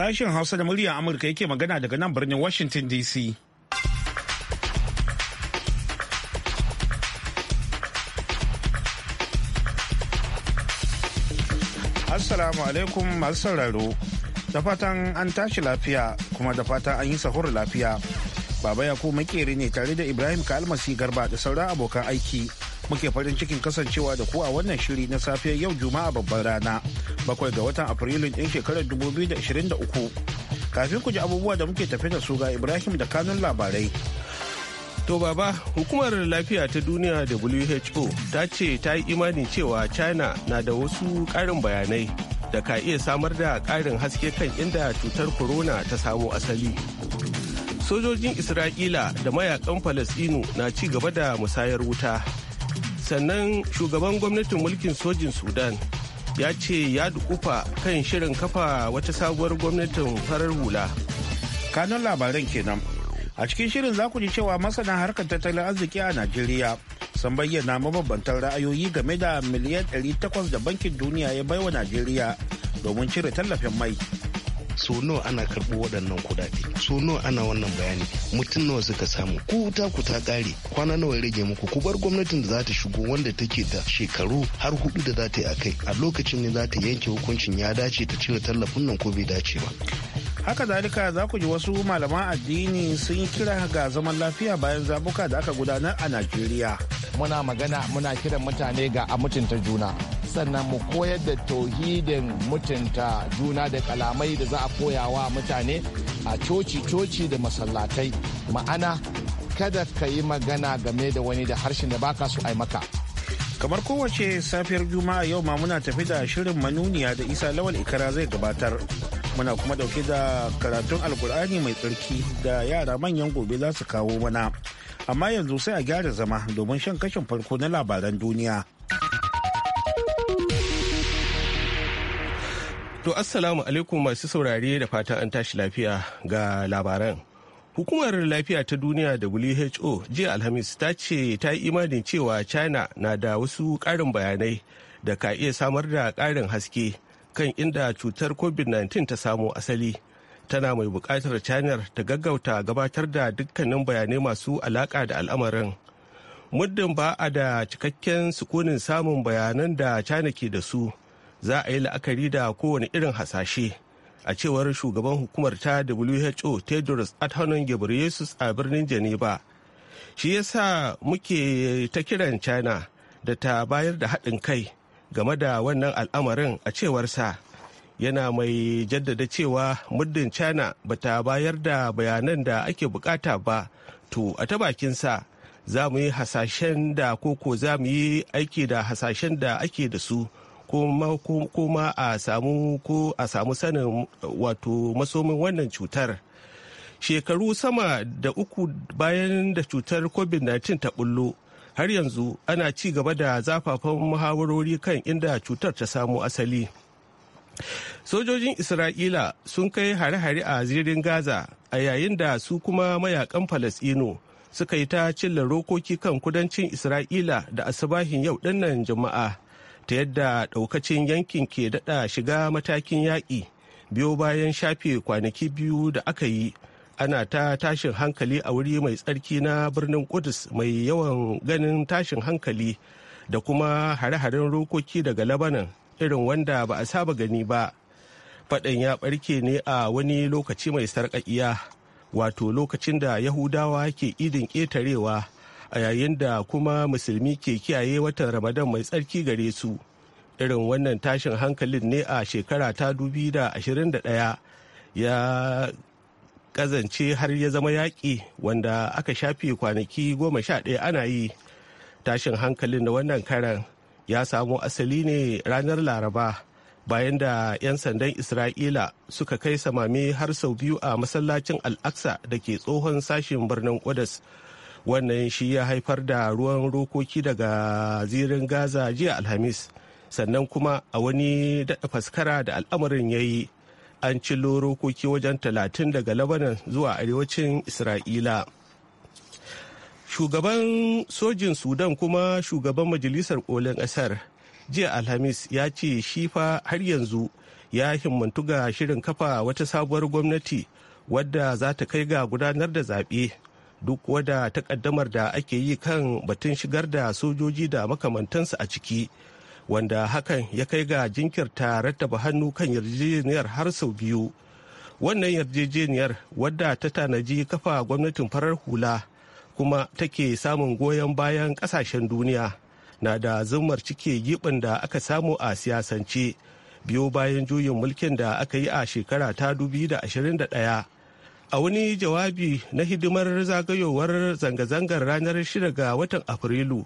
Sashen Hausa da muryar Amurka yake magana daga nan birnin Washington DC. Assalamu alaikum masu sauraro. Da fatan an tashi lafiya kuma da fatan an yi sahur lafiya. Baba Yakubu makeri ne tare da Ibrahim Kalmasi Garba da sauran abokan aiki. muke farin cikin kasancewa da ku a wannan shiri na safiyar yau juma'a babbar rana bakwai ga watan Afrilun ɗin shekarar 2023. Kafin ku ji abubuwa da muke tafe da su ga Ibrahim da kanun labarai. To baba, hukumar lafiya ta duniya WHO ta ce ta yi imani cewa China na da wasu ƙarin bayanai da ka iya samar da ƙarin haske kan inda cutar corona ta samo asali. Sojojin Isra'ila da mayakan Falasɗinu na ci gaba da musayar wuta. Sannan shugaban gwamnatin mulkin sojin Sudan ya ce ya dukufa kan shirin kafa wata sabuwar gwamnatin farar hula. kanun labaran kenan a cikin shirin za ku ji cewa masana harkar tattalin arziki a najeriya sun bayyana mabambantan ra'ayoyi game da miliyan 800 da bankin duniya ya baiwa najeriya domin cire tallafin mai so nawa ana karɓo waɗannan kuɗaɗe so nawa ana wannan bayani mutum nawa suka samu ku wuta ku ta kare kwana nawa ya rage muku ku bar gwamnatin da za ta shigo wanda take da shekaru har hudu da za ta yi a kai a lokacin ne za ta yanke hukuncin ya dace ta cire tallafin nan ko bai dace ba. haka zalika za ku ji wasu malaman addini sun kira ga zaman lafiya bayan zabuka da aka gudanar a najeriya muna magana muna kiran mutane ga a mutunta juna sannan mu koyar da tauhidin mutunta juna da kalamai da za a koya wa mutane a coci-coci da masallatai ma'ana kada ka yi magana game da wani da harshen da baka so ai maka kamar kowace safiyar juma'a yau ma muna tafi da shirin manuniya da isa lawal ikara zai gabatar muna kuma dauke da karatun alkur'ani mai tsarki da yara manyan gobe za su kawo mana amma yanzu sai a gyara zama domin shan kashin farko na labaran duniya to assalamu alaikum masu saurare da fata an tashi lafiya ga labaran hukumar lafiya ta duniya who jiya alhamis ta ce ta yi imanin cewa china na da wasu ƙarin bayanai da ka iya samar da ƙarin haske kan inda cutar covid-19 ta samo asali tana mai buƙatar canar ta gaggauta gabatar da dukkanin bayanai masu alaƙa da al'amarin muddin ba a da cikakken sukunin samun bayanan da china ke da su za a yi la'akari da kowane irin hasashe a cewar shugaban hukumar ta who tedros adhanom ghebreyesus a birnin geneva shi yasa muke ta kiran china da ta bayar da haɗin kai game da wannan al'amarin a cewarsa yana mai jaddada cewa muddin china ta bayar da bayanan da ake bukata ba to a ta bakinsa za mu yi hasashen da koko za mu yi aiki da hasashen da ake da su kuma a samu ko a samu sanin wato masomin wannan cutar shekaru sama da uku bayan da cutar covid-19 ta bullo har yanzu ana ci gaba da zafafan muhawarori kan inda cutar ta samo asali sojojin isra'ila sun kai hare-hare a zirin gaza a yayin da su kuma mayakan falasino suka yi ta cilla rokoki kan kudancin isra'ila da asabahin yau dinnan jama'a ta yadda daukacin yankin ke dada shiga matakin yaƙi biyo bayan shafe kwanaki biyu da aka yi ana ta tashin hankali a wuri mai tsarki na birnin kudus mai yawan ganin tashin hankali da kuma hare-haren rokoki daga labanan irin wanda ba a saba gani ba faɗan ya ɓarke ne a wani lokaci mai sarƙaƙiya wato lokacin da yahudawa ke idin ƙetarewa a yayin da kuma musulmi ke kiyaye watan ramadan mai tsarki gare su irin wannan tashin hankalin ne a shekara ta 2021 ya kazance har ya zama yaƙi wanda aka shafi kwanaki goma sha ɗaya ana yi tashin hankalin da wannan karan ya samo asali ne ranar laraba bayan da 'yan sandan isra'ila suka kai samame har sau biyu a masallacin al'aksa da ke tsohon sashin birnin kudus wannan shi ya haifar da ruwan rokoki daga zirin gaza jiya alhamis sannan kuma a wani daɗa faskara da al'amarin ya yi an ci rokoki wajen talatin daga labanan zuwa arewacin isra'ila shugaban sojin sudan kuma shugaban majalisar kolin ƙasar jiya alhamis ya ce shi fa har yanzu ya himmantu ga shirin kafa wata sabuwar gwamnati wadda za ta kai ga gudanar da zaɓe duk wadda takaddamar da ake yi kan batun shigar da sojoji da makamantansu a ciki wanda hakan ya kai ga jinkirta rattaba hannu kan yarjejeniyar har sau biyu wannan yarjejeniyar wadda ta tanaji kafa gwamnatin farar hula kuma take samun goyon bayan kasashen duniya na da zumar cike gibin da aka samu a siyasance biyo bayan juyin mulkin da aka yi a shekara ta da 2021 a wani jawabi na hidimar zagayowar zanga-zangar ranar 6 ga watan afrilu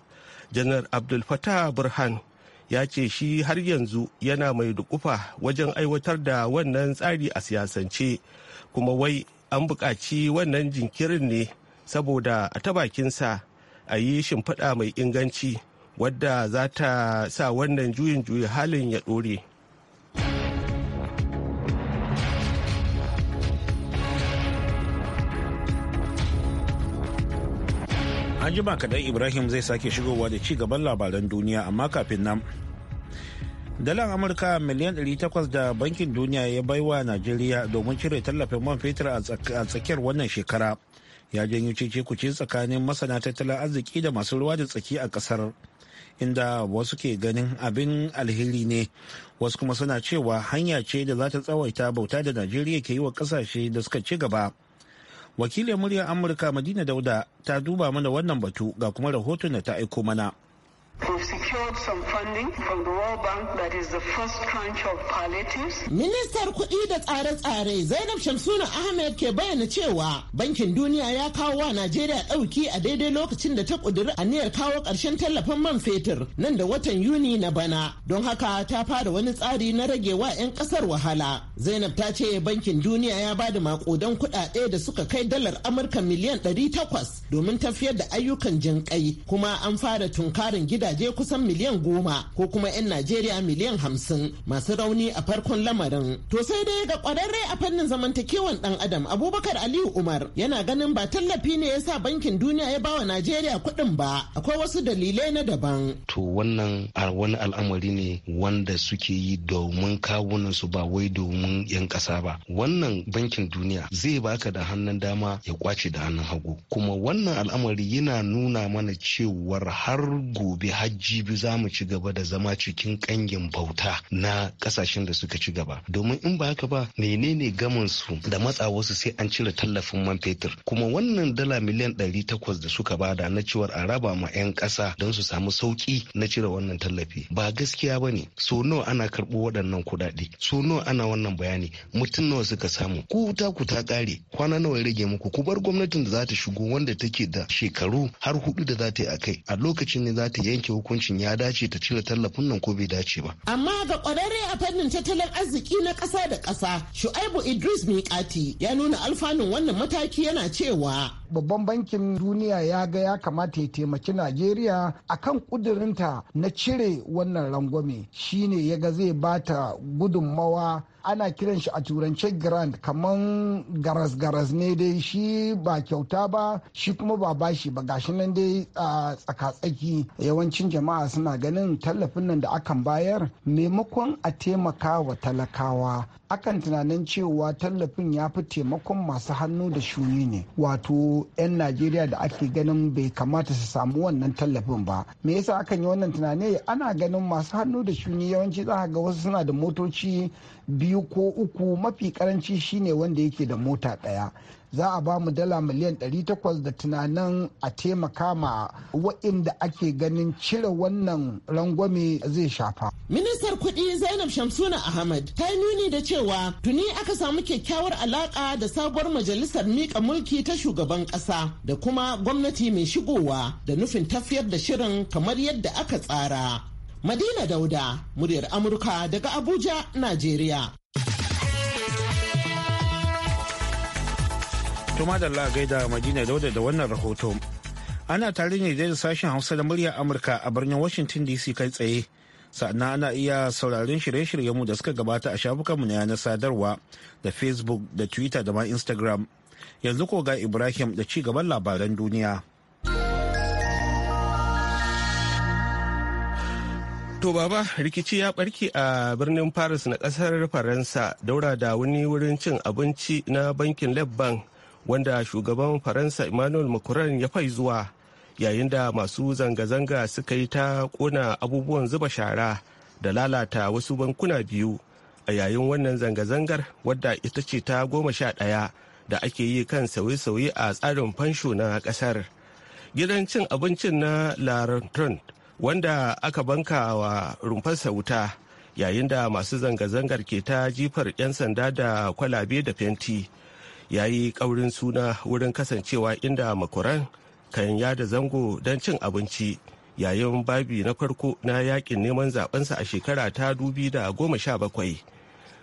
janar abdul fatah burhan ya ce shi har yanzu yana mai dukufa wajen aiwatar da wannan tsari a siyasance kuma wai an buƙaci wannan jinkirin ne saboda a ta bakinsa a yi shimfiɗa mai inganci wadda za ta sa wannan juyin juyi halin ya ɗore. an jima kaɗan ibrahim zai sake shigowa da ci gaban labaran duniya amma kafin nan dalar amurka miliyan 800 da bankin duniya ya baiwa najeriya domin cire tallafin man fetur a tsakiyar wannan shekara ya janyo cece kuce tsakanin masana tattalin arziki da masu ruwa da tsaki a kasar inda wasu ke ganin abin alheri ne wasu kuma suna cewa hanya ce da za ta tsawaita bauta da najeriya ke yi wa kasashe da suka ci gaba wakilin muryar amurka madina dauda ta duba mana wannan batu ga kuma rahoton da ta aiko mana Ministar kuɗi da tsare-tsare Zainab Shamsuna Ahmed ke bayyana cewa Bankin Duniya ya kawo wa Najeriya ɗauki a daidai lokacin da ta ƙudiri aniyar kawo ƙarshen tallafin man fetur nan da watan Yuni na bana. Don haka ta fara wani tsari na rage wa 'yan ƙasar wahala. Zainab ta ce Bankin Duniya ya ba da maƙudan kuɗaɗe da suka kai dalar Amurka miliyan ɗari takwas domin tafiyar da ayyukan jinƙai kuma an fara tunkarin gida gidaje kusan miliyan goma ko kuma 'yan Najeriya miliyan hamsin masu rauni a farkon lamarin. To sai dai ga kwararre a fannin zamantakewan ɗan adam Abubakar Aliyu Umar yana ganin ba tallafi ne ya sa bankin duniya ya bawa Najeriya kuɗin ba akwai wasu dalilai na daban. To wannan wani al'amari ne wanda suke yi domin kawunan su ba wai domin 'yan ƙasa ba. Wannan bankin duniya zai baka da hannun dama ya kwace da hannun hagu. Kuma wannan al'amari yana nuna mana cewar har gobe bi za mu ci gaba da zama cikin kangin bauta na kasashen da suka ci gaba domin in ba haka ba menene gamin su da matsa wasu sai an cire tallafin man fetur kuma wannan dala miliyan ɗari takwas da suka bada na cewar a raba ma 'yan kasa don su samu sauki na cire wannan tallafi ba gaskiya ba ne so nawa ana karɓo waɗannan kuɗaɗe so nawa ana wannan bayani mutum nawa suka samu ku ta ku ta kare kwana nawa ya rage muku ku bar gwamnatin da za ta shigo wanda take da shekaru har hudu da za ta yi a kai a lokacin ne za ta yanke yanke hukuncin ya dace ta cire tallafin nan ko bai dace ba. Amma ga kwararre a fannin tattalin arziki na ƙasa da ƙasa Shu'aibu Idris Mikati ya nuna alfanun wannan mataki yana cewa. Babban bankin duniya ya ga ya kamata ya taimaki Najeriya a kan kudurinta na cire wannan rangwame shine ya ga zai bata gudunmawa ana kiran shi a turance grand kamar garas-garas ne dai shi ba kyauta ba shi kuma ba bashi ba gashi nan dai a tsaka-tsaki yawancin jama'a suna ganin tallafin nan da akan bayar maimakon a taimaka wa talakawa akan tunanin cewa tallafin ya fi taimakon masu hannu da shuni ne wato 'yan najeriya da ake ganin bai kamata su samu wannan tallafin ba me yasa akan yi wannan tunani ana ganin masu hannu da shuni yawanci za ga wasu suna da motoci biyu ko uku mafi karanci shine wanda yake da mota ɗaya za a ba mu dala miliyan 800 da tunanin a taimaka ma wa'inda ake ganin cire wannan rangwame zai shafa. Ministar kuɗi Zainab Shamsuna Ahmad ta yi nuni da cewa tuni aka samu kyakkyawar alaƙa da sabuwar majalisar miƙa mulki ta shugaban ƙasa da kuma gwamnati mai shigowa da nufin tafiyar da shirin kamar yadda aka tsara. Madina Dauda, muryar Amurka daga Abuja, Najeriya. Tuma da Allah gaida Madina Dauda da wannan rahoto. Ana tare ne da sashen Hausa da muryar Amurka a birnin Washington DC kai tsaye. Sa'anan ana iya sauraron shirye-shiryenmu da suka gabata a shafukanmu na yanar sadarwa da Facebook da Twitter da ma Instagram. Yanzu ko ga Ibrahim da ci gaban labaran duniya. To baba rikici ya barke a birnin Paris na kasar Faransa daura da wani wurin cin abinci na bankin Lebanon wanda shugaban faransa emmanuel macron ya fai zuwa yayin da masu zanga-zanga suka yi ta kona abubuwan zuba shara da lalata wasu bankuna biyu a yayin wannan zanga-zangar wadda ita ce ta goma sha ɗaya da ake yi kan sauye-sauye a tsarin fansho na ƙasar gidan cin abincin na larentrant wanda aka banka wa rumfarsa wuta yayin da masu zanga-zangar ke ta jifar 'yan sanda da kwalabe da fenti. ya yi ƙaurin suna wurin kasancewa inda makuran kan yada zango don cin abinci yayin babi na farko na yakin neman zabensa a shekara ta dubi da goma sha bakwai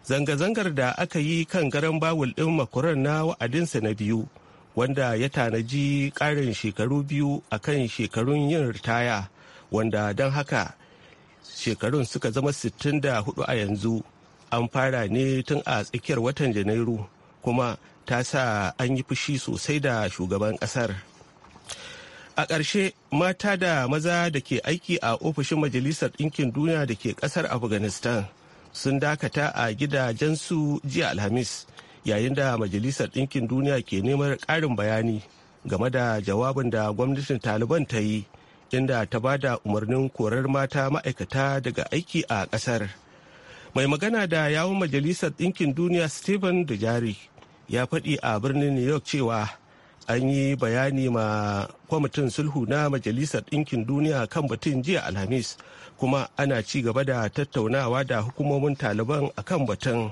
zanga-zangar da aka yi kan garan bawul ɗin makuran na wa'adinsa na biyu wanda ya tanaji ƙarin shekaru biyu a kan shekarun yin ritaya wanda don haka shekarun suka zama hudu a yanzu an fara ne tun a tsakiyar watan janairu kuma ta sa an yi fushi sosai da shugaban kasar. A ƙarshe mata da maza da ke aiki a ofishin Majalisar Ɗinkin Duniya da ke ƙasar Afghanistan sun dakata a gidajensu jiya Alhamis yayin da Majalisar Ɗinkin Duniya ke neman ƙarin bayani game da jawabin da gwamnatin Taliban ta yi inda ta ba da umarnin korar mata ma'aikata daga aiki a ƙasar. Mai magana da yawon Majalisar Ɗinkin Duniya Stephen Dujari ya faɗi a birnin new york cewa an yi bayani ma kwamitin sulhu na majalisar ɗinkin duniya kan batun jiya alhamis kuma ana ci gaba da tattaunawa da hukumomin taliban a kan batun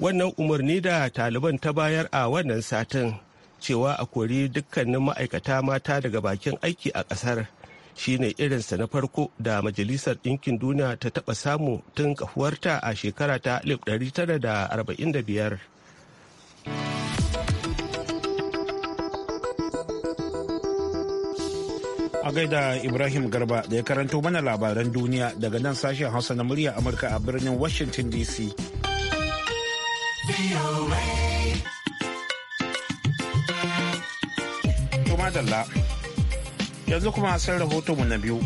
wannan umarni da taliban ta bayar a wannan satin cewa a kori dukkanin ma'aikata mata daga bakin aiki a ƙasar shine irinsa na farko da majalisar ɗinkin duniya ta taɓa samu tun kafuwarta a shekara ta 1945 a gaida Ibrahim Garba da ya karanto mana labaran duniya daga nan sashen Hausa na murya Amurka a birnin Washington DC. Yanzu kuma rahoto mu na biyu.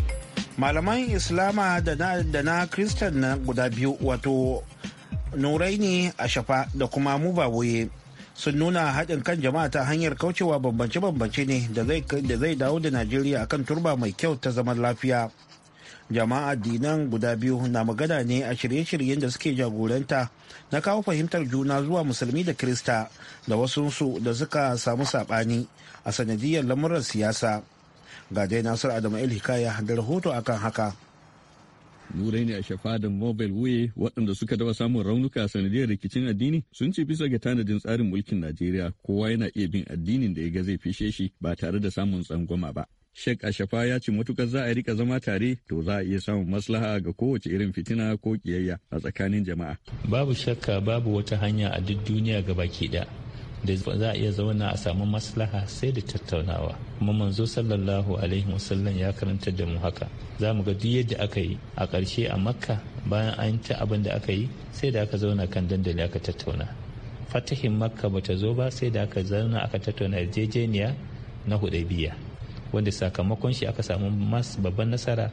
Malaman Islama da na Kristan na guda biyu wato Nuraini Ashafa da kuma Mubawoye sun nuna haɗin kan jama'a ta hanyar kaucewa bambance-bambance ne da zai dawo da najeriya akan turba mai kyau ta zaman lafiya jama'a dinan guda biyu na magana ne a shirye-shiryen da suke jagoranta na kawo fahimtar juna zuwa musulmi da krista da wasunsu da suka samu saɓani a sanadiyar lamuran siyasa ga dai nasiru adamu el hikaya da rahoto akan haka Nurai ne a da Mobile Way waɗanda suka dafa samun raunuka sanadiyar rikicin addini sun ce bisa ga tanadin tsarin mulkin Najeriya kowa yana iya bin addinin da ya ga zai fishe shi ba tare da samun tsangwama ba. Sheikh Ashafa ya ce matukar za a rika zama tare to za a iya samun maslaha ga kowace irin fitina ko kiyayya a tsakanin jama'a. Babu shakka babu wata hanya a duk duniya ga baki da da za a iya zauna a samu maslaha sai da tattaunawa kuma manzo sallallahu alaihi wasallam ya karanta da mu haka za mu ga duk yadda aka yi a ƙarshe a makka bayan an ta abin da aka yi sai da aka zauna kan dandali aka tattauna fatahin makka ba ta zo ba sai da aka zauna aka tattauna yarjejeniya na hudaibiya wanda sakamakon shi aka samu mas babban nasara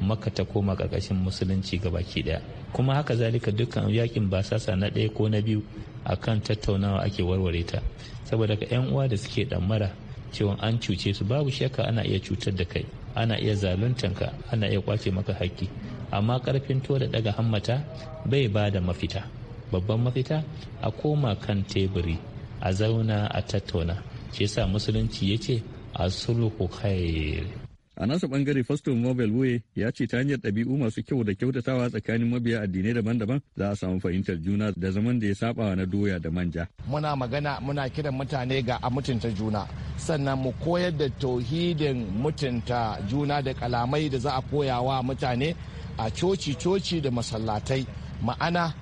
makka ta koma ƙarƙashin musulunci gabaki daya kuma haka zalika dukkan yakin basasa na ɗaya ko na biyu a kan tattaunawa ake warware ta saboda ka yan uwa da suke damara cewa an cuce su babu shakka ana iya cutar da kai ana iya ka ana iya kwace maka haƙƙi amma karfin to da daga hammata bai ba da mafita babban mafita a koma kan teburi a zauna a tattauna shi yasa musulunci ya ce a sulhu khair a nasa bangare fasto mobile way ya ce ta hanyar ɗabi'u masu kyau da kyautatawa tsakanin mabiya addinai daban-daban za a samu fahimtar juna da zaman da ya saba na doya da manja muna magana muna kiran mutane ga a mutunta juna sannan mu koyar da tauhidin mutunta juna da kalamai da za a koya wa mutane a coci-coci da masallatai ma'ana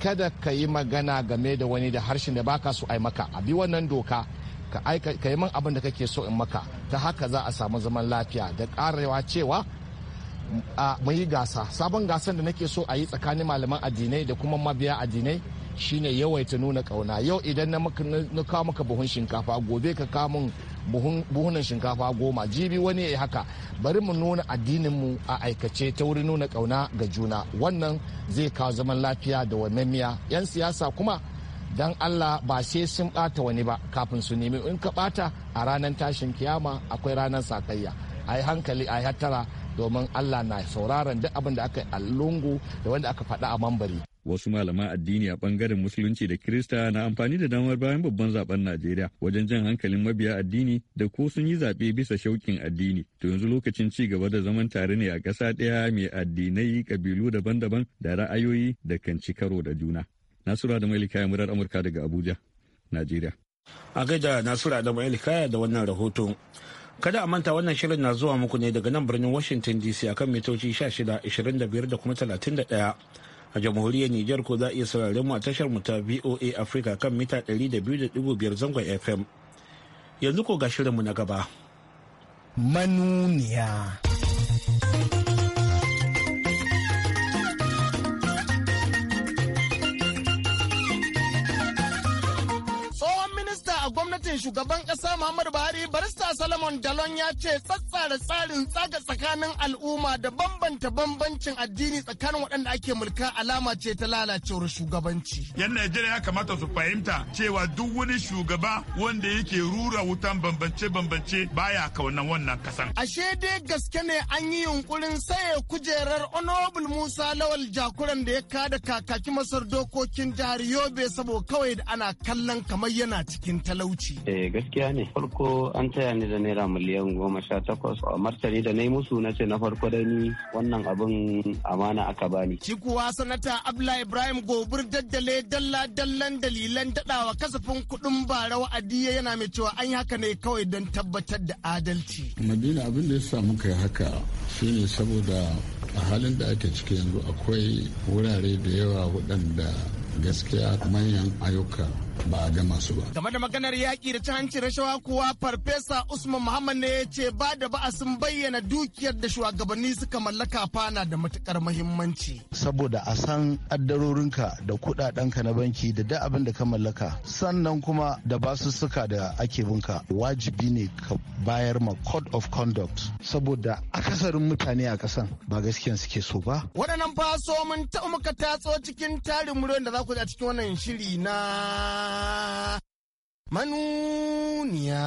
kada ka yi magana game da wani da harshen da baka so ai maka a bi wannan doka ka aika yi min abin da kake so in maka ta haka za a samu zaman lafiya da karewa cewa a yi gasa sabon gasan da nake so a yi tsakanin malaman addinai da kuma mabiya addinai shine yawaita nuna kauna yau idan na kawo maka buhun shinkafa gobe ka kawo min buhunan shinkafa goma jibi wani ya haka bari mu nuna mu a aikace ta wurin nuna kauna ga juna wannan zai kawo zaman lafiya da wannan miya 'yan siyasa kuma don allah ba sai sun ɓata wani ba kafin su nemi in ka bata a ranar tashin kiyama akwai ranar sakayya a yi hankali a yi hattara domin allah na sauraron duk abin da aka yi allungu da wanda aka faɗa a mambari wasu malaman addini a bangaren musulunci da kirista na amfani da damar bayan babban zaben najeriya wajen jan hankalin mabiya addini da ko sun yi zaɓe bisa shauƙin addini to yanzu lokacin ci gaba da zaman tare ne a ƙasa ɗaya mai addinai ƙabilu daban-daban da ra'ayoyi da kan karo da juna Nasura da Mailika murar Amurka daga Abuja, Najeriya. A gaida Nasura da Mailika da wannan rahoto Kada a manta wannan shirin na zuwa muku ne daga nan birnin Washington DC akan mitoci 16, da kuma 31. a jamhuriyar Nijar ko za a iya sauraren mu a tashar mu ta VOA Africa kan mita 200.5 zangon FM. Yanzu ko ga shirin mu na gaba. Manuniya. gwamnatin shugaban ƙasa Muhammadu Buhari barista Solomon Dalon ya ce da tsarin tsaga tsakanin al'umma da bambanta bambancin addini tsakanin waɗanda ake mulka alama ce ta lalacewar shugabanci. Yan Najeriya ya kamata su fahimta cewa duk wani shugaba wanda yake rura wutan bambance-bambance baya kaunan wannan kasan. Ashe dai gaske ne an yi yunkurin saye kujerar Honorable Musa Lawal Jakuran da ya kada kakaki masar dokokin jihar Yobe saboda kawai da ana kallon kamar yana cikin talauci. Eh gaskiya ne. Farko an taya ni da naira miliyan goma sha takwas. Martani da na yi musu na ce na farko da ni wannan abin amana aka bani. Shi kuwa sanata Abla Ibrahim Gobir daddale dalla dallan dalilan daɗawa kasafin kuɗin bara wa'adi yana mai cewa an yi haka ne kawai don tabbatar da adalci. Madina abin da ya samu kai haka shine saboda a halin da ake ciki yanzu akwai wurare da yawa waɗanda gaskiya manyan ayyuka ba a gama su ba. Game da maganar yaƙi da ci hanci rashawa kuwa Farfesa Usman Muhammad ne ya ce ba da ba'a sun bayyana dukiyar da shugabanni suka mallaka fana da matukar mahimmanci. Saboda a san addarorinka da kuɗaɗenka na banki da da abin da ka mallaka sannan kuma da basussuka da ake binka wajibi ne ka bayar ma code of conduct saboda akasarin mutane a kasan ba gaskiya suke so ba. Waɗannan faso mun taɓa muka tatso cikin tarin muryoyin da za ku a cikin wannan shiri na manuniya.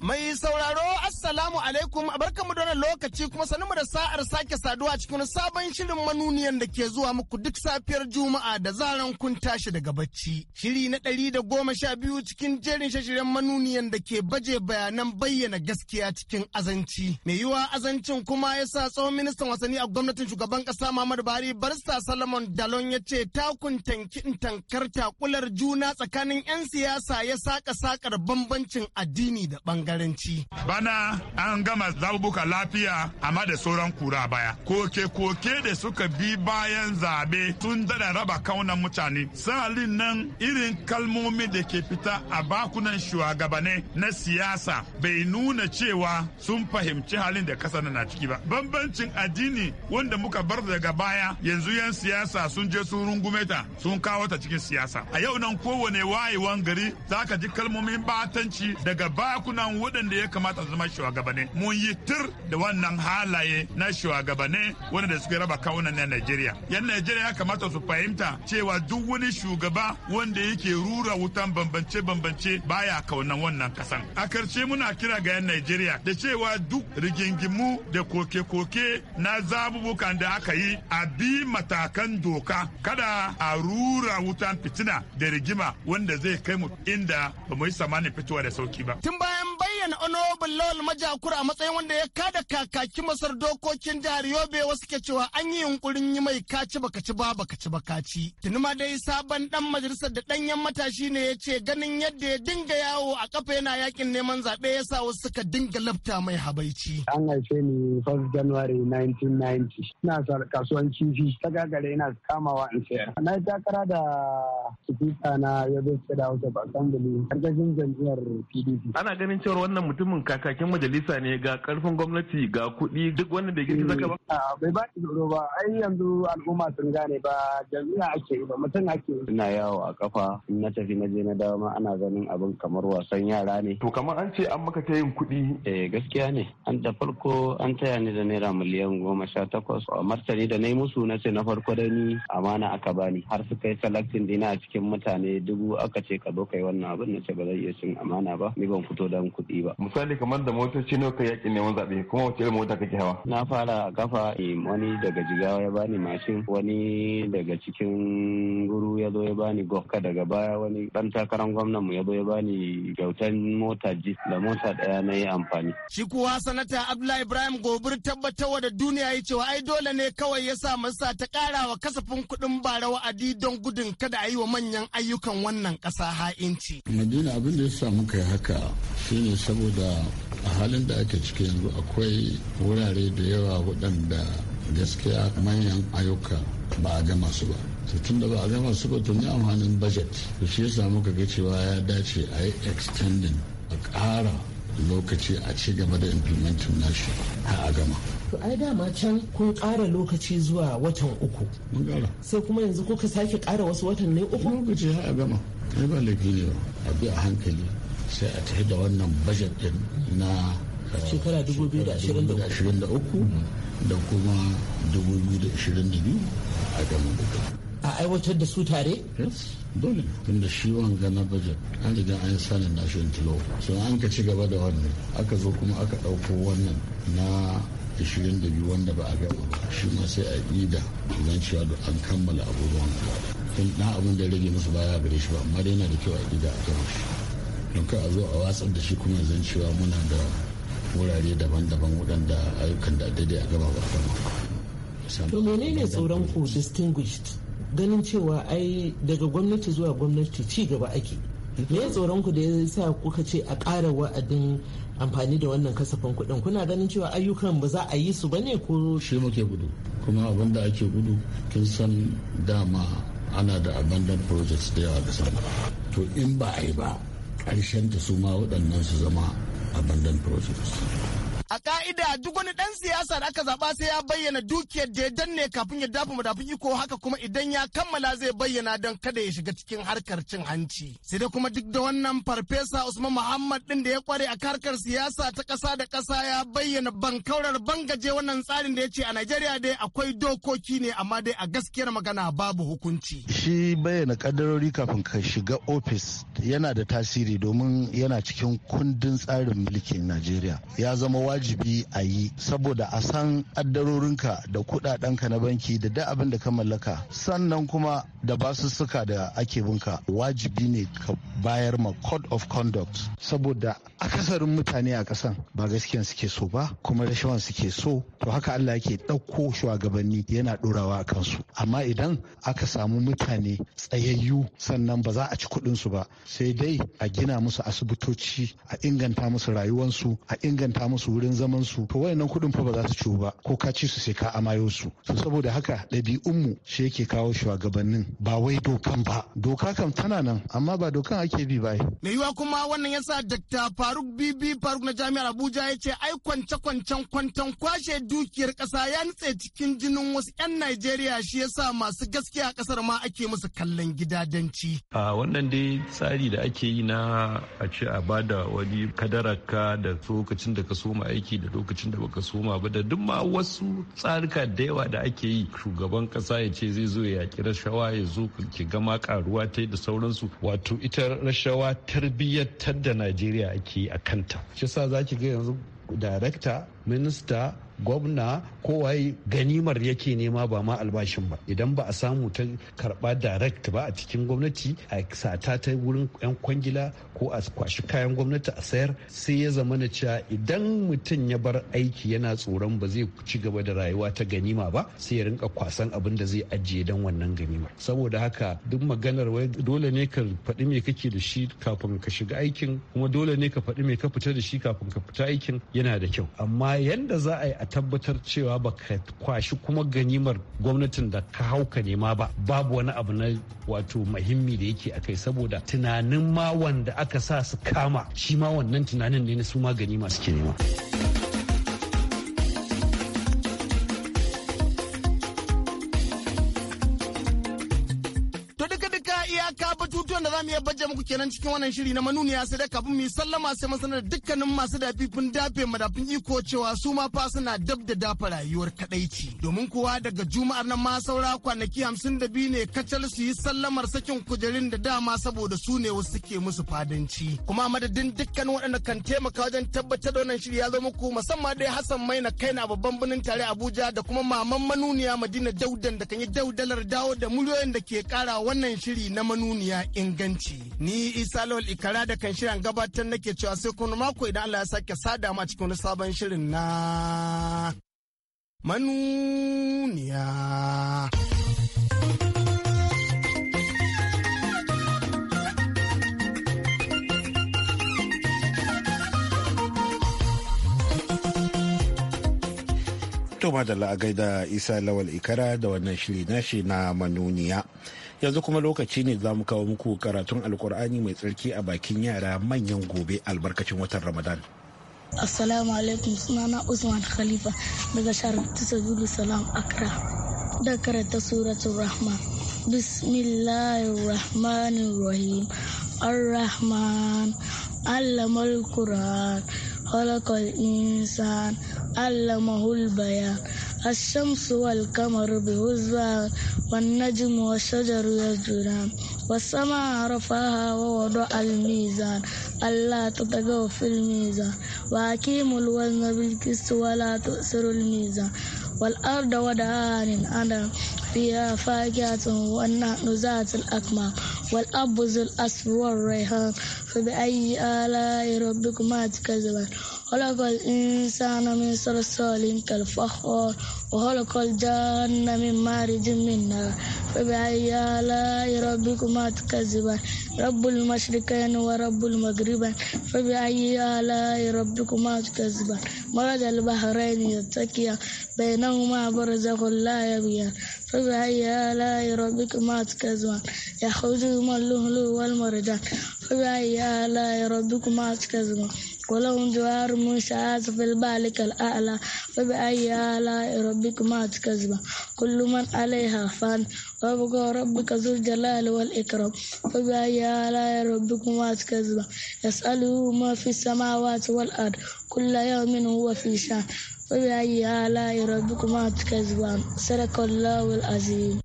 Mai sauraro, Assalamu alaikum, barkamu lokaci kuma sanin mu da sa'ar sake saduwa cikin sabon shirin manuniyan da ke zuwa muku duk safiyar Juma'a da zaran kun tashi daga bacci. Shiri na ɗari da goma sha biyu cikin jerin shashiren manuniyan da ke baje bayanan bayyana gaskiya cikin azanci. Mai yiwa azancin kuma ya sa tsohon ministan Wasani a gwamnatin shugaban ƙasa Muhammadu Buhari barista Salomon Dalon ya ce takun tanki tankar takular juna tsakanin 'yan siyasa ya saka sakar bambancin addini da bangaranci. Bana an gama zabuka lafiya lafiya amma da sauran kura baya koke-koke da suka bi bayan zabe sun dada raba kaunan mutane salin nan irin kalmomi da ke fita a bakunan shugabane na siyasa bai nuna cewa sun fahimci halin da kasa na ciki ba bambancin addini wanda muka bar daga baya yanzu yan siyasa sun je sun rungume ta sun kawo ta cikin siyasa a yau nan kowane wayewan gari zaka ji kalmomin batanci daga bakunan waɗanda ya kamata zama shugabane mun yi tir da wannan halaye na shugabanni wanda suka raba kaunan na Najeriya. Yan Najeriya ya kamata su fahimta cewa duk wani shugaba wanda yake rura wutan bambance-bambance baya kaunan wannan kasan. A karshe muna kira ga yan Najeriya da cewa duk rigingimu da koke-koke na zabubukan da aka yi a bi matakan doka kada a rura wutan fitina da rigima wanda zai kai mu inda ba mu yi samanin fitowa da sauki ba. Tun bayan bayyana Honorable Lawal Majakura a matsayin wanda ya kada kakakin masar dokokin jihar yobe wasu ke cewa an yi yunkurin yi mai kaci baka ci ba baka ci baka ci tuni ma dai sabon dan majalisar da danyen matashi ne ya ce ganin yadda ya dinga yawo a kafa yana yakin neman zaɓe ya sa wasu suka dinga lafta mai habaici an haife ni 1 january 1990 ina kasuwan kifi ta gagare ina kamawa in sayar na yi takara da sifika na yobe state house of assembly karkashin jam'iyyar pdp ana ganin cewar wannan mutumin kakakin majalisa ne ga karfin gwamnati canji ga kuɗi duk wannan bai girki ka ba. Eh, bai ba tsoro ba, ai yanzu al'umma sun gane ba jami'a ake ba mutum ake yi. Ina yawo a kafa in na tafi na je na dawo ma ana ganin abin kamar wasan yara ne. To kamar an ce an maka ta yin kuɗi. Eh gaskiya ne, an da farko an taya ni da naira miliyan goma sha takwas. Martani da na yi musu na ce na farko da ni amana aka bani har su kai selecting dina a cikin mutane dubu aka ce ka zo kai wannan abin na ce ba zai iya cin amana ba ni ban fito dan kuɗi ba. Misali kamar da motoci nawa kai yakin neman zaɓe kuma wace mota kake hawa na fara a kafa eh, wani daga jigawa ya bani mashin wani daga cikin guru ya zo ya bani gokka daga baya wani dan takarar gwamnan mu ya zo ya bani kyautan mota ji da mota daya na yi amfani shi kuwa sanata abdullahi ibrahim gobir tabbatarwa da duniya ya cewa ai dole ne kawai ya sa masa ta kara wa kasafin kuɗin bara wa'adi don gudun kada a yi wa manyan ayyukan wannan ƙasa ha'inci madina abin da ya sa muka yi haka shine saboda a halin da ake ciki yanzu akwai wurare da yawa waɗanda gaskiya manyan ayyuka ba a gama su ba tun da ba a gama su ba tun yi amfanin budget to shi yasa muka ga cewa ya dace a yi extending a ƙara lokaci a ci gaba da implementing nashi har a gama to ai dama can kun ƙara lokaci zuwa watan uku mun ƙara sai kuma yanzu kuka sake ƙara wasu ne uku lokaci har a gama kai ba laifi ne ba a bi a hankali sai a tafi da wannan bajet din na shekara 2023 uh, da kuma 2022 a da a aiwatar da su tare? dole tunda shi wanga na bajet an riga an sani na shi tilo so an ka ci gaba da wannan aka zo kuma aka ɗauko wannan na 22 wanda ba a gama ba shi ma sai a yi da zan cewa da an kammala abubuwan na abin da rage musu baya gare shi ba amma dai yana da kyau a gida a gama shi in ka a zo a watsar da shi kuma zan cewa muna da wurare daban-daban waɗanda ayyukan da daidai a gaba ba kuma to menene tsoron ku distinguished ganin cewa ai daga gwamnati zuwa gwamnati ci gaba ake me tsoron ku da ya sa kuka ce a ƙara wa'adin amfani da wannan kasafin kuɗin kuna ganin cewa ayyukan ba za a yi su ba ne ko shi muke gudu kuma abin da ake gudu kin san dama ana da abandon projects da yawa da sama to in ba a yi ba ƙarshen ta su waɗannan su zama abandon projects. ka'ida duk wani dan siyasa da aka zaba sai ya bayyana dukiyar da ya danne kafin ya dafa madafin iko haka kuma idan ya kammala zai bayyana don kada ya shiga cikin harkar cin hanci sai da kuma duk da wannan farfesa usman muhammad din da ya kware a harkar siyasa ta kasa da kasa ya bayyana bankaurar bangaje wannan tsarin da ya ce a najeriya dai akwai dokoki ne amma dai a gaskiyar magana babu hukunci shi bayyana kadarori kafin ka shiga ofis yana da tasiri domin yana cikin kundin tsarin mulkin najeriya ya zama wajibi a yi saboda a san addarorinka da kudadenka na banki da da abin da ka mallaka sannan kuma da basussuka da ake binka wajibi ne ka bayar ma code of conduct saboda akasarin mutane a kasan ba gaskiyan suke so ba kuma rashawan suke so to haka Allah yake ɗauko shugabanni yana ɗorawa a kansu amma idan aka samu mutane tsayayyu sannan ba za a ci kuɗinsu ba sai dai a gina musu asibitoci a inganta musu rayuwansu a inganta musu wurin zaman sauransu to wayannan kuɗin fa ba za su ciwo ba ko ka ci su sai ka amayo su to saboda haka mu shi yake kawo shugabannin ba wai dokan ba doka kam tana nan amma ba dokan ake bi ba mai yiwa kuma wannan yasa Dr. Faruk Bibi Faruk na Jami'ar Abuja ya ce ai kwance-kwancen kwantan kwashe dukiyar kasa ya nutse cikin jinin wasu 'yan Najeriya shi yasa masu gaskiya kasar ma ake musu kallon gidadanci. A wannan dai tsari da ake yi na a ce a bada wani kadaraka da lokacin da ka soma aiki da lokacin da baka soma ba da duk ma wasu tsarika da yawa da ake yi shugaban kasa ya ce zai zo ya yaki rashawa ya zo ki gama karuwa ta da sauransu wato ita rashawa tarbiyyatar da najeriya ake a kanta shi sa za ki ga yanzu darakta minista gwamna kowai ganimar yake nema ba ma albashin ba idan ba a samu ta karba direct ba a cikin gwamnati a sata ta wurin 'yan kwangila ko a kwashi kayan gwamnati a sayar sai ya zama na cewa idan mutum ya bar aiki yana tsoron ba zai ci gaba da rayuwa ta ganima ba sai ya rinka kwasan abin da zai ajiye dan wannan ganima saboda haka duk maganar wai dole ne ka faɗi me kake da shi kafin ka shiga aikin kuma dole ne ka faɗi me ka fita da shi kafin ka fita aikin yana da kyau amma yanda za a yi a tabbatar cewa ba ka kwashi kuma ganimar gwamnatin da ka hauka nema ba babu wani abu na wato mahimmi da yake akai saboda tunanin ma wanda aka sa su kama shi ma wannan tunanin ne na su ma ganima suke nema. kenan cikin wannan shiri na manuniya sai da kafin mu sallama sai masana da dukkanin masu dafifin dafe madafin iko cewa su ma fa suna dab da dafa rayuwar kadaici domin kowa daga juma'ar nan ma saura kwanaki hamsin da biyu ne kacal su yi sallamar sakin kujerun da dama saboda su ne wasu suke musu fadanci kuma madadin dukkan waɗanda kan taimaka wajen tabbatar da wannan shiri ya zo muku musamman dai Hassan Maina kaina babban birnin tare Abuja da kuma maman manuniya Madina Daudan da kan yi daudalar dawo da muryoyin da ke kara wannan shiri na manuniya inganci ni isa lawal ikara da kan shirin gabatar nake cewa sai kuma mako idan allah ya sake sada ma cikin wani sabon shirin na manuniya To madalla a gaida Isa Lawal Ikara da wannan shiri shi na manuniya. yanzu kuma lokaci ne za mu kawo muku karatun alkur'ani mai tsarki a bakin yara manyan gobe albarkacin watan ramadan assalamu alaikum sunana usman khalifa daga sharar tusabilu salam akra da karanta suratul rahman bismillahirrahmanirrahim ar-rahman allamal qur'an khalaqal insan allamahul bayan الشمس والقمر بهزان والنجم والشجر يسجدان والسماء رفعها ووضع الميزان ألا تطغوا في الميزان وأقيموا الوزن بالقسط ولا تؤثروا الميزان والأرض وضعها للأنام فيها فاكهة والنحل ذات الأكمام والأبز الأسف والريحان فبأي آلاء ربكما تكذبان خلق الإنسان من صلصال كالفخار وخلق الجنة من مارج من نار فبأي آلاء ربكما تكذبان رب المشرقين ورب المغربين فبأي آلاء ربكما تكذبان مرج البحرين يتكيا بينهما برزخ لا يبيان فبأي آلاء ربكما تكذبان يخرج من اللؤلؤ والمرجان فبأي آلاء ربكما تكذبان ولهم جوار منشآت في البالك الأعلى فبأي آلاء ربكما تكذبان كل من عليها فان وابقى ربك ذو الجلال والإكرام فبأي آلاء ربكما تكذبان يسأله ما في السماوات والأرض كل يوم هو في شان فبأي آلاء ربكما تكذبان صدق الله العظيم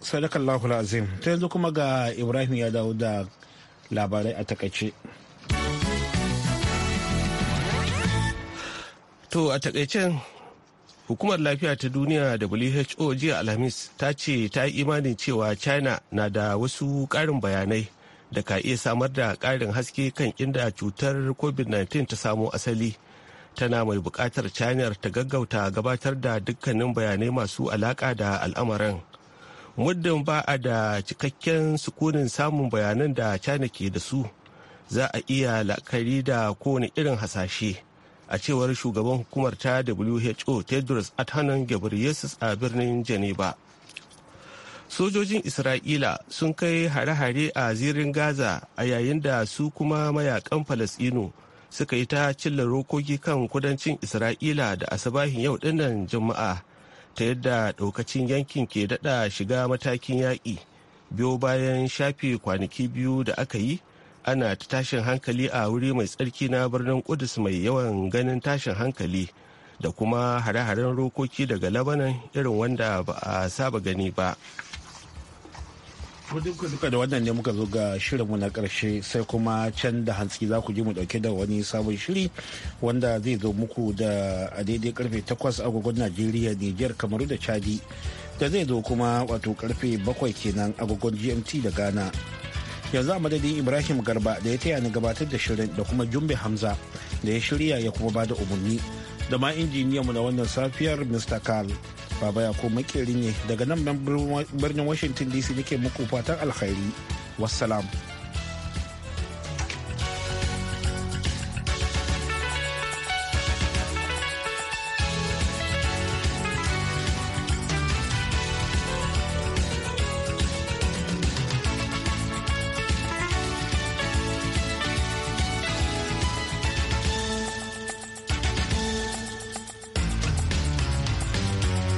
صدق الله العظيم تلزكم ga Ibrahim ya dawo da labarai a takaice. To a takaicen hukumar lafiya ta duniya WHO jiya Alhamis ta ce ta yi imanin cewa China na da wasu ƙarin bayanai da ka iya samar da ƙarin haske kan inda cutar COVID-19 ta samo asali. Tana mai buƙatar China ta gaggauta gabatar da dukkanin bayanai masu alaƙa da al'amarin. Muddin ba a da cikakken sukunin samun bayanan da China ke da su, za a iya lakari da kowane irin hasashe. a cewar shugaban hukumar ta who tedros adhanom ghebreyesus a birnin geneva sojojin isra'ila sun kai hare-hare a zirin gaza a yayin da su kuma mayakan falasino suka yi ta cilla rokoki kan kudancin isra'ila da asabahin yau dinnan jama'a ta yadda daukacin yankin ke dada shiga matakin yaƙi biyo bayan shafe kwanaki biyu da aka yi ana ta tashin hankali a wuri mai tsarki na birnin kudus mai yawan ganin tashin hankali da kuma hare-haren rokoki daga labanan irin wanda ba a saba gani ba duka da wannan ne muka zo ga shirinmu na karshe sai kuma can da hantsi za ku ji mu dauke da wani sabon shiri wanda zai zo muku da a daidai karfe 8 agogon najeriya niger kamaru da chadi da zai zo kuma wato karfe 7 kenan agogon gmt da ghana yanzu a madadin ibrahim garba da ya taya ni gabatar da shirin da kuma jumbe hamza da ya shirya ya kuma bada umarni da ma mu na wannan safiyar mr carl baba ya ko makeri ne daga nan birnin washington dc nake muku fatan alkhairi wassalam